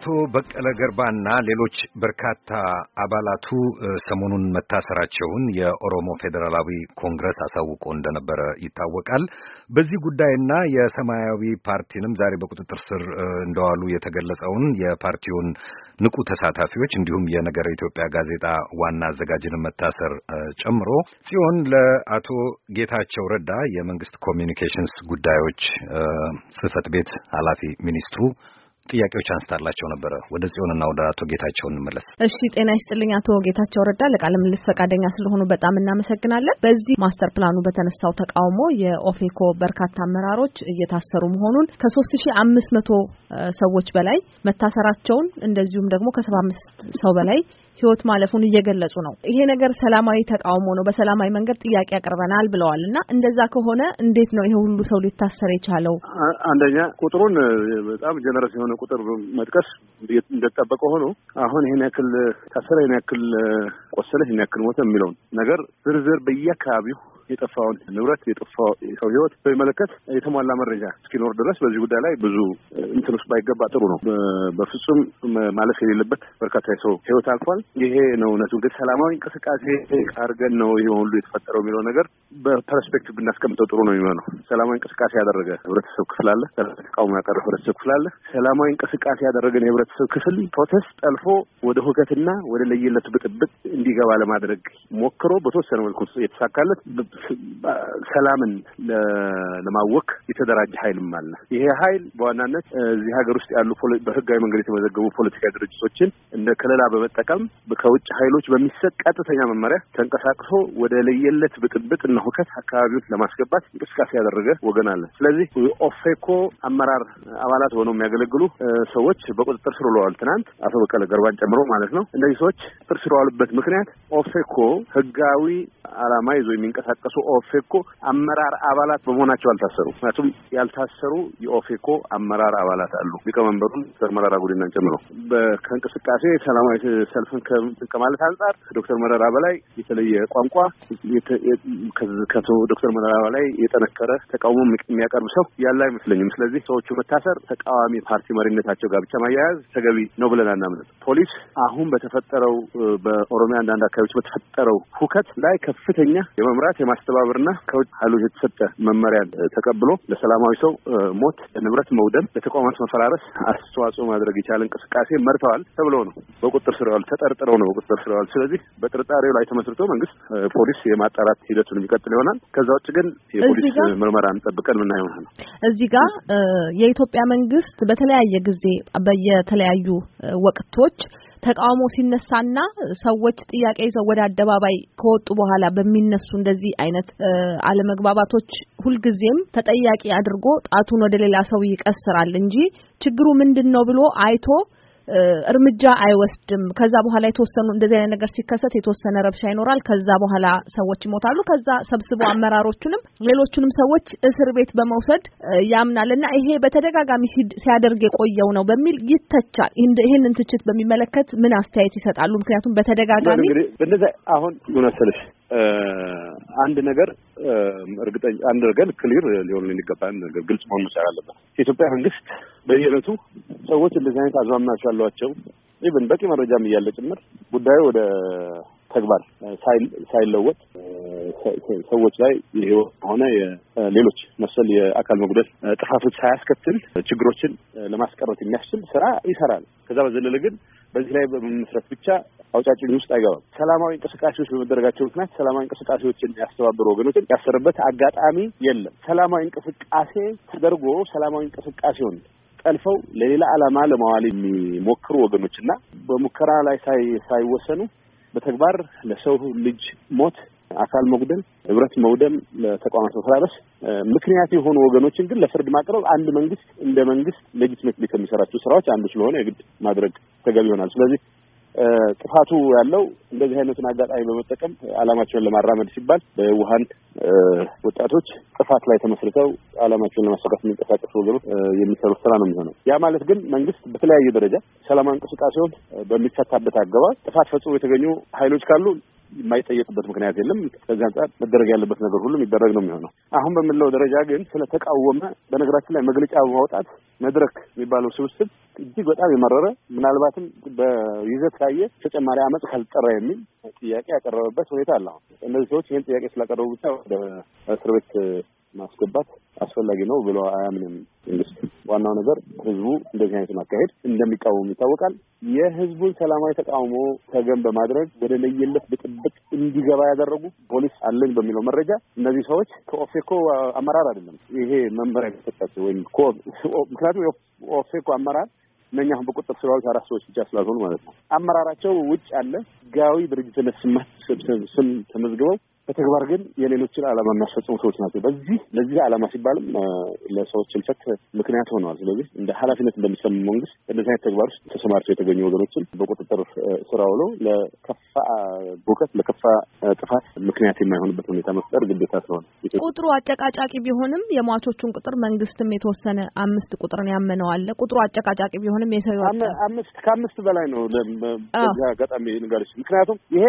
አቶ በቀለ ገርባና ሌሎች በርካታ አባላቱ ሰሞኑን መታሰራቸውን የኦሮሞ ፌዴራላዊ ኮንግረስ አሳውቆ እንደነበረ ይታወቃል። በዚህ ጉዳይና የሰማያዊ ፓርቲንም ዛሬ በቁጥጥር ስር እንደዋሉ የተገለጸውን የፓርቲውን ንቁ ተሳታፊዎች እንዲሁም የነገረ ኢትዮጵያ ጋዜጣ ዋና አዘጋጅን መታሰር ጨምሮ ጽዮን ለአቶ ጌታቸው ረዳ የመንግስት ኮሚዩኒኬሽንስ ጉዳዮች ጽህፈት ቤት ኃላፊ ሚኒስትሩ ጥያቄዎች አንስታላቸው ነበረ። ወደ ጽዮንና ወደ አቶ ጌታቸው እንመለስ። እሺ፣ ጤና ይስጥልኝ አቶ ጌታቸው ረዳ፣ ለቃለ ምልልስ ፈቃደኛ ስለሆኑ በጣም እናመሰግናለን። በዚህ ማስተር ፕላኑ በተነሳው ተቃውሞ የኦፌኮ በርካታ አመራሮች እየታሰሩ መሆኑን ከሶስት ሺ አምስት መቶ ሰዎች በላይ መታሰራቸውን እንደዚሁም ደግሞ ከሰባ አምስት ሰው በላይ ህይወት ማለፉን እየገለጹ ነው። ይሄ ነገር ሰላማዊ ተቃውሞ ነው፣ በሰላማዊ መንገድ ጥያቄ ያቀርበናል ብለዋል እና እንደዛ ከሆነ እንዴት ነው ይሄ ሁሉ ሰው ሊታሰር የቻለው? አንደኛ ቁጥሩን በጣም ጀነረስ የሆነ ቁጥር መጥቀስ እንደጠበቀ ሆኖ አሁን ይህን ያክል ታሰረ፣ ይሄን ያክል ቆሰለ፣ ይሄን ያክል ሞተ የሚለውን ነገር ዝርዝር በየአካባቢው የጠፋውን ንብረት የጠፋው ሰው ህይወት በሚመለከት የተሟላ መረጃ እስኪኖር ድረስ በዚህ ጉዳይ ላይ ብዙ እንትን ውስጥ ባይገባ ጥሩ ነው። በፍጹም ማለፍ የሌለበት በርካታ የሰው ህይወት አልፏል። ይሄ ነው እውነቱ። እንግዲህ ሰላማዊ እንቅስቃሴ አድርገን ነው ይሄ ሁሉ የተፈጠረው የሚለው ነገር በፐርስፔክቲቭ ብናስቀምጠው ጥሩ ነው የሚሆነው። ሰላማዊ እንቅስቃሴ ያደረገ ህብረተሰብ ክፍል አለ። ተቃውሞ ያቀረበ ህብረተሰብ ክፍል አለ። ሰላማዊ እንቅስቃሴ ያደረገን የህብረተሰብ ክፍል ፕሮቴስት ጠልፎ ወደ ሁከትና ወደ ለየለት ብጥብጥ እንዲገባ ለማድረግ ሞክሮ በተወሰነ መልኩ የተሳካለት ሰላምን ለማወክ የተደራጀ ኃይልም አለ። ይሄ ኃይል በዋናነት እዚህ ሀገር ውስጥ ያሉ በህጋዊ መንገድ የተመዘገቡ ፖለቲካዊ ድርጅቶችን እንደ ከለላ በመጠቀም ከውጭ ኃይሎች በሚሰጥ ቀጥተኛ መመሪያ ተንቀሳቅሶ ወደ ለየለት ብጥብጥ እና ሁከት አካባቢዎች ለማስገባት እንቅስቃሴ ያደረገ ወገን አለ። ስለዚህ ኦፌኮ አመራር አባላት ሆነው የሚያገለግሉ ሰዎች በቁጥጥር ስር ውለዋል። ትናንት አቶ በቀለ ገርባን ጨምሮ ማለት ነው። እነዚህ ሰዎች ቁጥጥር ስር የዋሉበት ምክንያት ኦፌኮ ህጋዊ አላማ ይዞ የሚንቀሳቀሱ የተጠቀሱ ኦፌኮ አመራር አባላት በመሆናቸው አልታሰሩ። ምክንያቱም ያልታሰሩ የኦፌኮ አመራር አባላት አሉ። ሊቀመንበሩን ዶክተር መረራ ጉዲናን ጨምሮ ከእንቅስቃሴ ሰላማዊ ሰልፍን ከማለት አንጻር ከዶክተር መረራ በላይ የተለየ ቋንቋ ከቶ ዶክተር መረራ በላይ የጠነከረ ተቃውሞ የሚያቀርብ ሰው ያለ አይመስለኝም። ስለዚህ ሰዎቹ መታሰር ተቃዋሚ ፓርቲ መሪነታቸው ጋር ብቻ ማያያዝ ተገቢ ነው ብለን አናምንም። ፖሊስ አሁን በተፈጠረው በኦሮሚያ አንዳንድ አካባቢዎች በተፈጠረው ሁከት ላይ ከፍተኛ የመምራት የማስተባበርና ከውጭ ኃይሎች የተሰጠ መመሪያ ተቀብሎ ለሰላማዊ ሰው ሞት፣ ለንብረት መውደም፣ ለተቋማት መፈራረስ አስተዋጽኦ ማድረግ የቻለ እንቅስቃሴ መርተዋል ተብሎ ነው በቁጥጥር ስር ዋል ተጠርጥረው ነው በቁጥጥር ስር ዋል። ስለዚህ በጥርጣሬው ላይ ተመስርቶ መንግስት ፖሊስ የማጣራት ሂደቱን የሚቀጥል ይሆናል። ከዛ ውጭ ግን የፖሊስ ምርመራ እንጠብቀን ምና ነው። እዚህ ጋር የኢትዮጵያ መንግስት በተለያየ ጊዜ በየተለያዩ ወቅቶች ተቃውሞ ሲነሳና ሰዎች ጥያቄ ይዘው ወደ አደባባይ ከወጡ በኋላ በሚነሱ እንደዚህ አይነት አለመግባባቶች ሁልጊዜም ተጠያቂ አድርጎ ጣቱን ወደ ሌላ ሰው ይቀስራል እንጂ ችግሩ ምንድን ነው ብሎ አይቶ እርምጃ አይወስድም። ከዛ በኋላ የተወሰኑ እንደዚህ አይነት ነገር ሲከሰት የተወሰነ ረብሻ ይኖራል። ከዛ በኋላ ሰዎች ይሞታሉ። ከዛ ሰብስቦ አመራሮቹንም ሌሎቹንም ሰዎች እስር ቤት በመውሰድ ያምናል እና ይሄ በተደጋጋሚ ሲያደርግ የቆየው ነው በሚል ይተቻል። ይህንን ትችት በሚመለከት ምን አስተያየት ይሰጣሉ? ምክንያቱም በተደጋጋሚ እንደዚያ አሁን መሰለሽ አንድ ነገር እርግጠኛ አንድ ነገር ክሊር ሊሆን ሊገባ ነገር ግልጽ መሆን መቻል አለበት የኢትዮጵያ መንግስት በየዕለቱ ሰዎች እንደዚህ አይነት አዝማሚያዎች ያሏቸው ኢቭን በቂ መረጃም እያለ ጭምር ጉዳዩ ወደ ተግባር ሳይለወጥ ሰዎች ላይ የህይወት ሆነ ሌሎች መሰል የአካል መጉደል ጥፋቶች ሳያስከትል ችግሮችን ለማስቀረት የሚያስችል ስራ ይሰራል። ከዛ በዘለለ ግን በዚህ ላይ በመመስረት ብቻ አውጫጭኝ ውስጥ አይገባም። ሰላማዊ እንቅስቃሴዎች በመደረጋቸው ምክንያት ሰላማዊ እንቅስቃሴዎችን ያስተባበሩ ወገኖችን ያሰርበት አጋጣሚ የለም። ሰላማዊ እንቅስቃሴ ተደርጎ ሰላማዊ እንቅስቃሴውን ጠልፈው ለሌላ ዓላማ ለማዋል የሚሞክሩ ወገኖችና በሙከራ ላይ ሳይወሰኑ በተግባር ለሰው ልጅ ሞት፣ አካል መጉደል፣ ንብረት መውደም፣ ለተቋማት መፈራረስ ምክንያት የሆኑ ወገኖችን ግን ለፍርድ ማቅረብ አንድ መንግስት እንደ መንግስት ሌጂትሜትሊ ከሚሰራቸው ስራዎች አንዱ ስለሆነ የግድ ማድረግ ተገቢ ይሆናል። ስለዚህ ጥፋቱ ያለው እንደዚህ አይነቱን አጋጣሚ በመጠቀም አላማቸውን ለማራመድ ሲባል በውሀን ወጣቶች ጥፋት ላይ ተመስርተው አላማቸውን ለማሳካት የሚንቀሳቀሱ ወገኖች የሚሰሩት ስራ ነው የሚሆነው። ያ ማለት ግን መንግስት በተለያየ ደረጃ ሰላማዊ እንቅስቃሴውን በሚፈታበት አገባብ ጥፋት ፈጽሞ የተገኙ ኃይሎች ካሉ የማይጠየቅበት ምክንያት የለም። ከዚህ አንጻር መደረግ ያለበት ነገር ሁሉ የሚደረግ ነው የሚሆነው። አሁን በምንለው ደረጃ ግን ስለተቃወመ በነገራችን ላይ መግለጫ በማውጣት መድረክ የሚባለው ስብስብ እጅግ በጣም የመረረ ምናልባትም በይዘት ካየ ተጨማሪ አመፅ ካልጠራ የሚል ጥያቄ ያቀረበበት ሁኔታ አለ። አሁን እነዚህ ሰዎች ይህን ጥያቄ ስላቀረቡ ብቻ ወደ እስር ቤት ማስገባት አስፈላጊ ነው ብሎ አያምንም መንግስት። ዋናው ነገር ህዝቡ እንደዚህ አይነት ማካሄድ እንደሚቃወሙ ይታወቃል። የህዝቡን ሰላማዊ ተቃውሞ ተገን በማድረግ ወደ ለየለት ብጥብጥ እንዲገባ ያደረጉ ፖሊስ አለኝ በሚለው መረጃ እነዚህ ሰዎች ከኦፌኮ አመራር አይደለም ይሄ መመሪያ የተሰጣቸው ወይም ምክንያቱም የኦፌኮ አመራር እነኛ አሁን በቁጥር ስለዋሉት አራት ሰዎች ብቻ ስላልሆኑ ማለት ነው። አመራራቸው ውጭ አለ ጋዊ ድርጅትነት ስም ተመዝግበው በተግባር ግን የሌሎችን ዓላማ የሚያስፈጽሙ ሰዎች ናቸው። በዚህ ለዚህ ዓላማ ሲባልም ለሰዎች እልፈት ምክንያት ሆነዋል። ስለዚህ እንደ ኃላፊነት እንደሚሰሙ መንግስት እንደዚህ አይነት ተግባር ውስጥ ተሰማርተው የተገኙ ወገኖችን በቁጥጥር ስራ ውሎ ለከፋ ቦከት ለከፋ ጥፋት ምክንያት የማይሆንበት ሁኔታ መፍጠር ግዴታ ስለሆነ ቁጥሩ አጨቃጫቂ ቢሆንም የሟቾቹን ቁጥር መንግስትም የተወሰነ አምስት ቁጥርን ያመነዋል። ቁጥሩ አጨቃጫቂ ቢሆንም የሰው አምስት ከአምስት በላይ ነው። በዚህ አጋጣሚ ንጋሪች ምክንያቱም ይሄ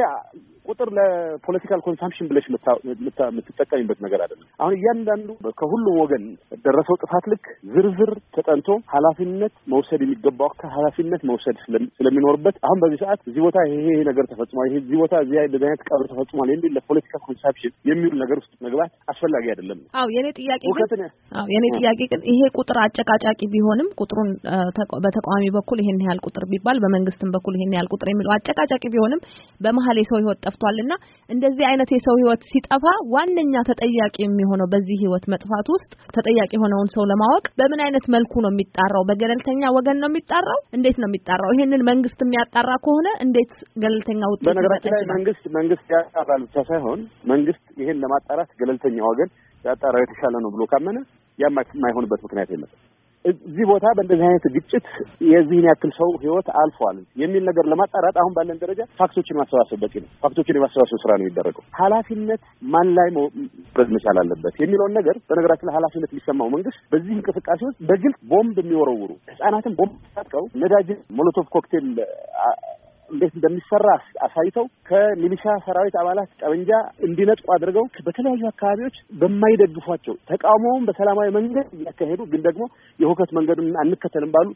ቁጥር ለፖለቲካል ኮንሳምፕሽን ብለሽ የምትጠቀሚበት ነገር አይደለም። አሁን እያንዳንዱ ከሁሉም ወገን ደረሰው ጥፋት ልክ ዝርዝር ተጠንቶ ኃላፊነት መውሰድ የሚገባው ከኃላፊነት መውሰድ ስለሚኖርበት አሁን በዚህ ሰዓት እዚህ ቦታ ይሄ ይሄ ነገር ተፈጽሟል፣ ይሄ እዚህ ቦታ እዚህ እንደዚህ አይነት ቀብር ተፈጽሟል የሚል ለፖለቲካ ኮንሳምፕሽን የሚውል ነገር ውስጥ መግባት አስፈላጊ አይደለም። አዎ የኔ ጥያቄ ግን አዎ የኔ ጥያቄ ግን ይሄ ቁጥር አጨቃጫቂ ቢሆንም ቁጥሩን በተቃዋሚ በኩል ይሄን ያህል ቁጥር ቢባል በመንግስትም በኩል ይሄን ያህል ቁጥር የሚለው አጨቃጫቂ ቢሆንም በመሀል የሰው ህይወት ጠፍቷልና እንደዚህ አይነት የሰው ህይወት ሲጠፋ ዋነኛ ተጠያቂ የሚሆነው በዚህ ህይወት መጥፋት ውስጥ ተጠያቂ የሆነውን ሰው ለማወቅ በምን አይነት መልኩ ነው የሚጣራው? በገለልተኛ ወገን ነው የሚጣራው? እንዴት ነው የሚጣራው? ይሄንን መንግስት የሚያጣራ ከሆነ እንዴት ገለልተኛ ውጤት? በነገራችን ላይ መንግስት መንግስት ያጣራል ብቻ ሳይሆን መንግስት ይሄን ለማጣራት ገለልተኛ ወገን ያጣራው የተሻለ ነው ብሎ ካመነ ያም የማይሆንበት ምክንያት የለም። እዚህ ቦታ በእንደዚህ አይነት ግጭት የዚህን ያክል ሰው ህይወት አልፏል የሚል ነገር ለማጣራት አሁን ባለን ደረጃ ፋክቶችን ማሰባሰብ በቂ ነው። ፋክቶችን የማሰባሰብ ስራ ነው የሚደረገው። ኃላፊነት ማን ላይ መውረድ መቻል አለበት የሚለውን ነገር በነገራችን ላይ ኃላፊነት የሚሰማው መንግስት በዚህ እንቅስቃሴ ውስጥ በግልጽ ቦምብ የሚወረውሩ ህጻናትን ቦምብ ታጥቀው ነዳጅን ሞሎቶቭ ኮክቴል እንዴት እንደሚሰራ አሳይተው ከሚሊሻ ሰራዊት አባላት ጠመንጃ እንዲነጥቁ አድርገው በተለያዩ አካባቢዎች በማይደግፏቸው ተቃውሞውን በሰላማዊ መንገድ እያካሄዱ ግን ደግሞ የሁከት መንገዱን አንከተልም ባሉ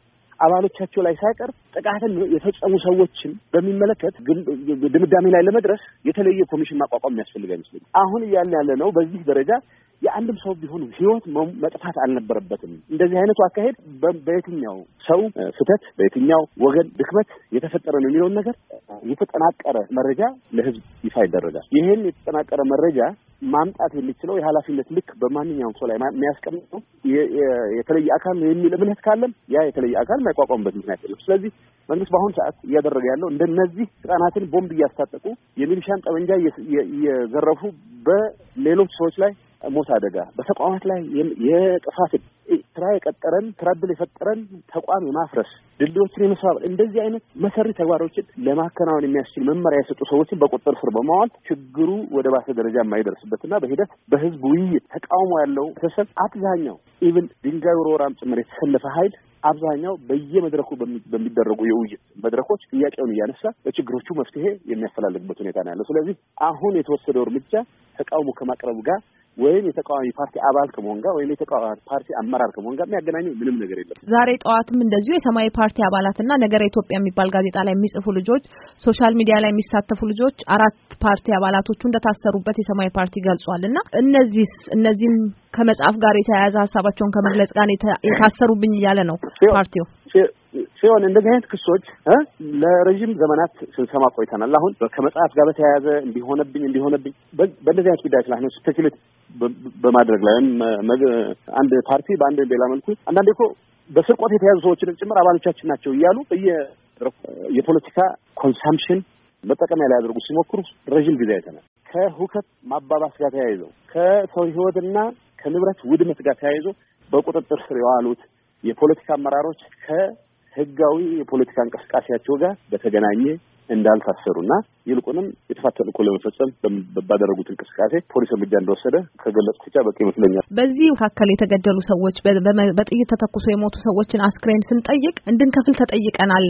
አባሎቻቸው ላይ ሳይቀር ጥቃትን የፈጸሙ ሰዎችን በሚመለከት ድምዳሜ ላይ ለመድረስ የተለየ ኮሚሽን ማቋቋም የሚያስፈልግ አይመስለኝም። አሁን እያልን ያለ ነው በዚህ ደረጃ የአንድም ሰው ቢሆን ህይወት መጥፋት አልነበረበትም። እንደዚህ አይነቱ አካሄድ በየትኛው ሰው ስህተት፣ በየትኛው ወገን ድክመት የተፈጠረ ነው የሚለውን ነገር የተጠናቀረ መረጃ ለህዝብ ይፋ ይደረጋል። ይህን የተጠናቀረ መረጃ ማምጣት የሚችለው የኃላፊነት ልክ በማንኛውም ሰው ላይ የሚያስቀምጠው የተለየ አካል የሚል እምነት ካለም ያ የተለየ አካል ማንም አይቋቋሙበት ምክንያት የለም። ስለዚህ መንግስት በአሁኑ ሰዓት እያደረገ ያለው እንደነዚህ ህጻናትን ቦምብ እያስታጠቁ የሚሊሻን ጠመንጃ እየዘረፉ በሌሎች ሰዎች ላይ ሞት አደጋ በተቋማት ላይ የጥፋት ስራ የቀጠረን ስራ የፈጠረን ተቋም የማፍረስ ድልድዮችን የመስባበር እንደዚህ አይነት መሰሪ ተግባሮችን ለማከናወን የሚያስችል መመሪያ የሰጡ ሰዎችን በቁጥጥር ስር በማዋል ችግሩ ወደ ባሰ ደረጃ የማይደርስበትና በሂደት በህዝብ ውይይት ተቃውሞ ያለው ተሰብ አብዛኛው ኢቭን ድንጋይ ወርወራም ጭምር የተሰለፈ ሀይል አብዛኛው በየመድረኩ በሚደረጉ የውይይት መድረኮች ጥያቄውን እያነሳ ለችግሮቹ መፍትሄ የሚያፈላልግበት ሁኔታ ነው ያለው። ስለዚህ አሁን የተወሰደው እርምጃ ተቃውሞ ከማቅረብ ጋር ወይም የተቃዋሚ ፓርቲ አባል ከመሆን ጋር ወይም የተቃዋሚ ፓርቲ አመራር ከመሆን ጋር የሚያገናኘው ምንም ነገር የለም። ዛሬ ጠዋትም እንደዚሁ የሰማያዊ ፓርቲ አባላትና ነገረ ኢትዮጵያ የሚባል ጋዜጣ ላይ የሚጽፉ ልጆች፣ ሶሻል ሚዲያ ላይ የሚሳተፉ ልጆች አራት ፓርቲ አባላቶቹ እንደታሰሩበት የሰማያዊ ፓርቲ ገልጿል። እና እነዚህ እነዚህም ከመጽሐፍ ጋር የተያያዘ ሀሳባቸውን ከመግለጽ ጋር የታሰሩብኝ እያለ ነው ፓርቲው። ሲሆን እንደዚህ አይነት ክሶች ለረዥም ዘመናት ስንሰማ ቆይተናል። አሁን ከመጽሐፍ ጋር በተያያዘ እንዲሆነብኝ እንዲሆነብኝ በእንደዚህ አይነት ጉዳዮች ላይ ነው ስፔኪሌት በማድረግ ላይ ወይም አንድ ፓርቲ በአንድ ሌላ መልኩ አንዳንዴ እኮ በስርቆት የተያዙ ሰዎችን ጭምር አባሎቻችን ናቸው እያሉ የፖለቲካ ኮንሳምፕሽን መጠቀሚያ ሊያደርጉ ሲሞክሩ ረዥም ጊዜ አይተናል። ከሁከት ማባባስ ጋር ተያይዘው ከሰው ህይወትና ከንብረት ውድመት ጋር ተያይዞ በቁጥጥር ስር የዋሉት የፖለቲካ አመራሮች ከ ህጋዊ የፖለቲካ እንቅስቃሴያቸው ጋር በተገናኘ እንዳልታሰሩና ይልቁንም የተፋተነ እኮ ለመፈጸም ባደረጉት እንቅስቃሴ ፖሊስ እርምጃ እንደወሰደ ከገለጽኩ ብቻ በቂ ይመስለኛል። በዚህ መካከል የተገደሉ ሰዎች በጥይት ተተኩሶ የሞቱ ሰዎችን አስክሬን ስንጠይቅ እንድንከፍል ተጠይቀናል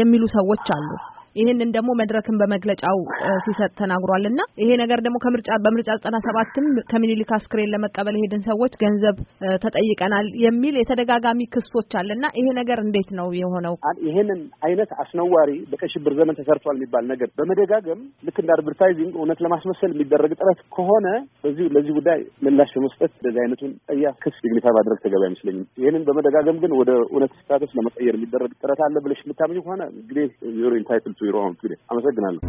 የሚሉ ሰዎች አሉ። ይህንን ደግሞ መድረክን በመግለጫው ሲሰጥ ተናግሯል እና ይሄ ነገር ደግሞ ከምርጫ በምርጫ ዘጠና ሰባትም ከምኒልክ አስክሬን ለመቀበል የሄድን ሰዎች ገንዘብ ተጠይቀናል የሚል የተደጋጋሚ ክሶች አለ እና ይሄ ነገር እንዴት ነው የሆነው? ይሄንን አይነት አስነዋሪ በቀይ ሽብር ዘመን ተሰርቷል የሚባል ነገር በመደጋገም ልክ እንደ አድቨርታይዚንግ እውነት ለማስመሰል የሚደረግ ጥረት ከሆነ በዚሁ ለዚህ ጉዳይ ምላሽ በመስጠት እንደዚህ አይነቱን ጠያ ክስ ግኝታ ማድረግ ተገቢ አይመስለኝም። ይህንን በመደጋገም ግን ወደ እውነት ስታቶች ለመቀየር የሚደረግ ጥረት አለ ብለሽ የምታምኝ ከሆነ እንግዲህ ዩሮ ኢንታይትል ቢሮ አመሰግናለሁ።